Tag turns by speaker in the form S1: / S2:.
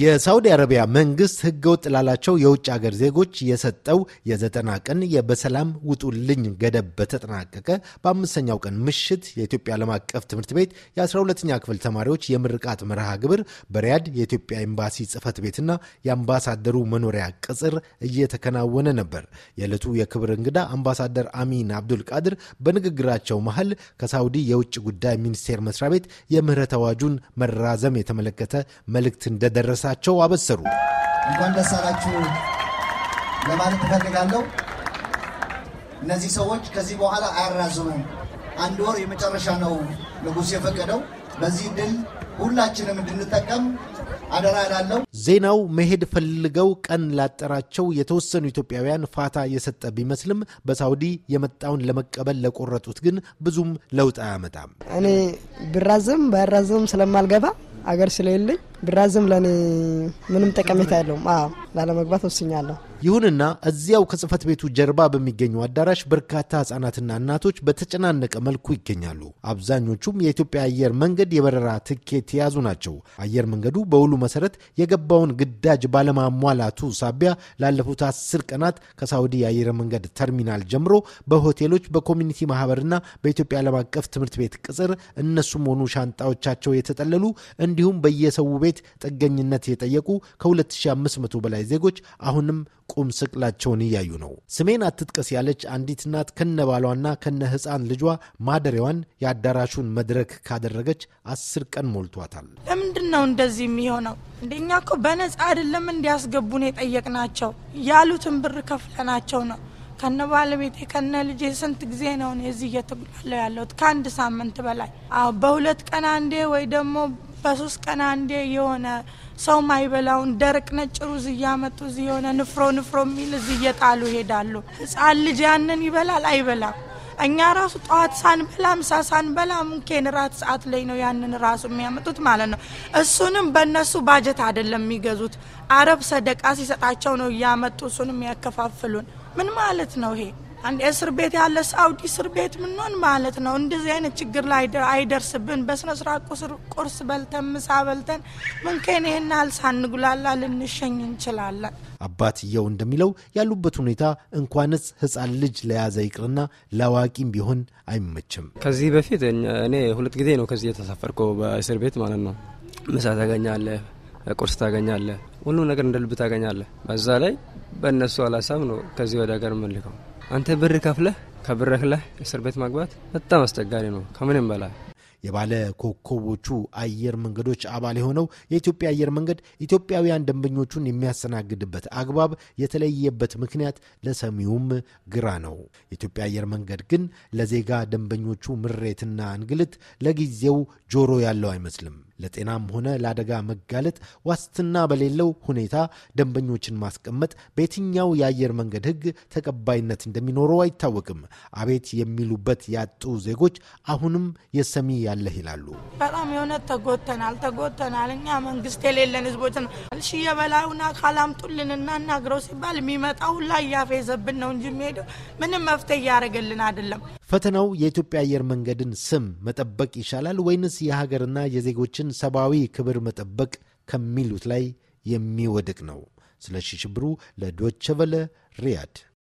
S1: የሳውዲ አረቢያ መንግስት ህገወጥ ላላቸው የውጭ ሀገር ዜጎች የሰጠው የዘጠና ቀን በሰላም ውጡልኝ ገደብ በተጠናቀቀ በአምስተኛው ቀን ምሽት የኢትዮጵያ ዓለም አቀፍ ትምህርት ቤት የ12ኛ ክፍል ተማሪዎች የምርቃት መርሃ ግብር በሪያድ የኢትዮጵያ ኤምባሲ ጽህፈት ቤትና የአምባሳደሩ መኖሪያ ቅጽር እየተከናወነ ነበር። የዕለቱ የክብር እንግዳ አምባሳደር አሚን አብዱል ቃድር በንግግራቸው መሀል ከሳውዲ የውጭ ጉዳይ ሚኒስቴር መስሪያ ቤት የምህረት አዋጁን መራዘም የተመለከተ መልእክት እንደደረሰ በመገኘታቸው አበሰሩ። እንኳን ደስ አላችሁ ለማለት እፈልጋለሁ። እነዚህ ሰዎች ከዚህ በኋላ አያራዝሙም። አንድ ወር የመጨረሻ ነው ንጉሥ የፈቀደው። በዚህ ድል ሁላችንም እንድንጠቀም አደራ እላለሁ። ዜናው መሄድ ፈልገው ቀን ላጠራቸው የተወሰኑ ኢትዮጵያውያን ፋታ የሰጠ ቢመስልም በሳውዲ የመጣውን ለመቀበል ለቆረጡት ግን ብዙም ለውጥ አያመጣም።
S2: እኔ ብራዘም ባያራዝም ስለማልገባ አገር ስለሌለኝ ብራዝም ለእኔ ምንም ጠቀሜታ የለውም። ላለመግባት ወስኛለሁ።
S1: ይሁንና እዚያው ከጽህፈት ቤቱ ጀርባ በሚገኘው አዳራሽ በርካታ ህጻናትና እናቶች በተጨናነቀ መልኩ ይገኛሉ። አብዛኞቹም የኢትዮጵያ አየር መንገድ የበረራ ትኬት የያዙ ናቸው። አየር መንገዱ በውሉ መሰረት የገባውን ግዳጅ ባለማሟላቱ ሳቢያ ላለፉት አስር ቀናት ከሳውዲ የአየር መንገድ ተርሚናል ጀምሮ በሆቴሎች በኮሚኒቲ ማህበርና በኢትዮጵያ ዓለም አቀፍ ትምህርት ቤት ቅጽር እነሱም ሆኑ ሻንጣዎቻቸው የተጠለሉ እንዲሁም በየሰው ቤት ጥገኝነት የጠየቁ ከ2500 በላይ ዜጎች አሁንም ቁም ስቅላቸውን እያዩ ነው። ስሜን አትጥቀስ ያለች አንዲት እናት ባሏና ከነ ሕፃን ልጇ ማደሪያዋን የአዳራሹን መድረክ ካደረገች አስር ቀን ሞልቷታል።
S2: ለምንድን ነው እንደዚህ የሚሆነው? እንደኛ እኮ በነጻ አይደለም እንዲያስገቡን የጠየቅናቸው ያሉትን ብር ከፍለናቸው ነው። ከነ ባለቤቴ ከነ ልጄ ስንት ጊዜ ነው እዚህ እየተጉላለው ያለሁት? ከአንድ ሳምንት በላይ። አዎ በሁለት ቀን አንዴ ወይ ደግሞ በሶስት ቀን አንዴ የሆነ ሰው ማይበላውን ደረቅ ነጭ ሩዝ እያመጡ እዚህ የሆነ ንፍሮ ንፍሮ የሚል እዚህ እየጣሉ ይሄዳሉ። ህፃን ልጅ ያንን ይበላል አይበላም። እኛ ራሱ ጠዋት ሳንበላ ምሳ ሳንበላ ሙኬን ራት ሰዓት ላይ ነው ያንን ራሱ የሚያመጡት ማለት ነው። እሱንም በእነሱ ባጀት አይደለም የሚገዙት፣ አረብ ሰደቃ ሲሰጣቸው ነው እያመጡ እሱንም ያከፋፍሉን። ምን ማለት ነው ይሄ? አንድ እስር ቤት ያለ ሳውዲ እስር ቤት ምንሆን ማለት ነው። እንደዚህ አይነት ችግር ላይ አይደርስብን። በስነ ስርዓት ቁርስ በልተን ምሳ በልተን ምንከን ይህን ያህል ልንሸኝ እንችላለን።
S1: አባትየው እንደሚለው ያሉበት ሁኔታ እንኳንስ ህፃን ልጅ ለያዘ ይቅርና ለአዋቂም ቢሆን አይመችም። ከዚህ በፊት እኔ ሁለት ጊዜ ነው ከዚህ የተሳፈርከው በእስር ቤት ማለት ነው። ምሳ ታገኛለህ፣ ቁርስ ታገኛለህ፣ ሁሉ ነገር እንደ ልብ ታገኛለህ። በዛ ላይ በእነሱ አላሳብ ነው ከዚህ ወደ ሀገር ምልከው አንተ ብር ከፍለህ ከብር እስር ቤት ማግባት በጣም አስቸጋሪ ነው ከምንም በላይ። የባለ ኮከቦቹ አየር መንገዶች አባል የሆነው የኢትዮጵያ አየር መንገድ ኢትዮጵያውያን ደንበኞቹን የሚያስተናግድበት አግባብ የተለየበት ምክንያት ለሰሚውም ግራ ነው። የኢትዮጵያ አየር መንገድ ግን ለዜጋ ደንበኞቹ ምሬትና እንግልት ለጊዜው ጆሮ ያለው አይመስልም። ለጤናም ሆነ ለአደጋ መጋለጥ ዋስትና በሌለው ሁኔታ ደንበኞችን ማስቀመጥ በየትኛው የአየር መንገድ ሕግ ተቀባይነት እንደሚኖረው አይታወቅም። አቤት የሚሉበት ያጡ ዜጎች አሁንም የሰሚ ያለህ ይላሉ።
S2: በጣም የሆነ ተጎተናል ተጎተናል። እኛ መንግስት የሌለን ህዝቦች ነው። እሺ የበላዩን አካል እናግረው ሲባል የሚመጣ ሁላ እያፌዘብን ነው እንጂ የሚሄደው ምንም መፍትሄ እያደረገልን አይደለም።
S1: ፈተናው የኢትዮጵያ አየር መንገድን ስም መጠበቅ ይሻላል ወይንስ የሀገርና የዜጎችን ሰብአዊ ክብር መጠበቅ ከሚሉት ላይ የሚወድቅ ነው? ስለሺ ሽብሩ ለዶቸቨለ ሪያድ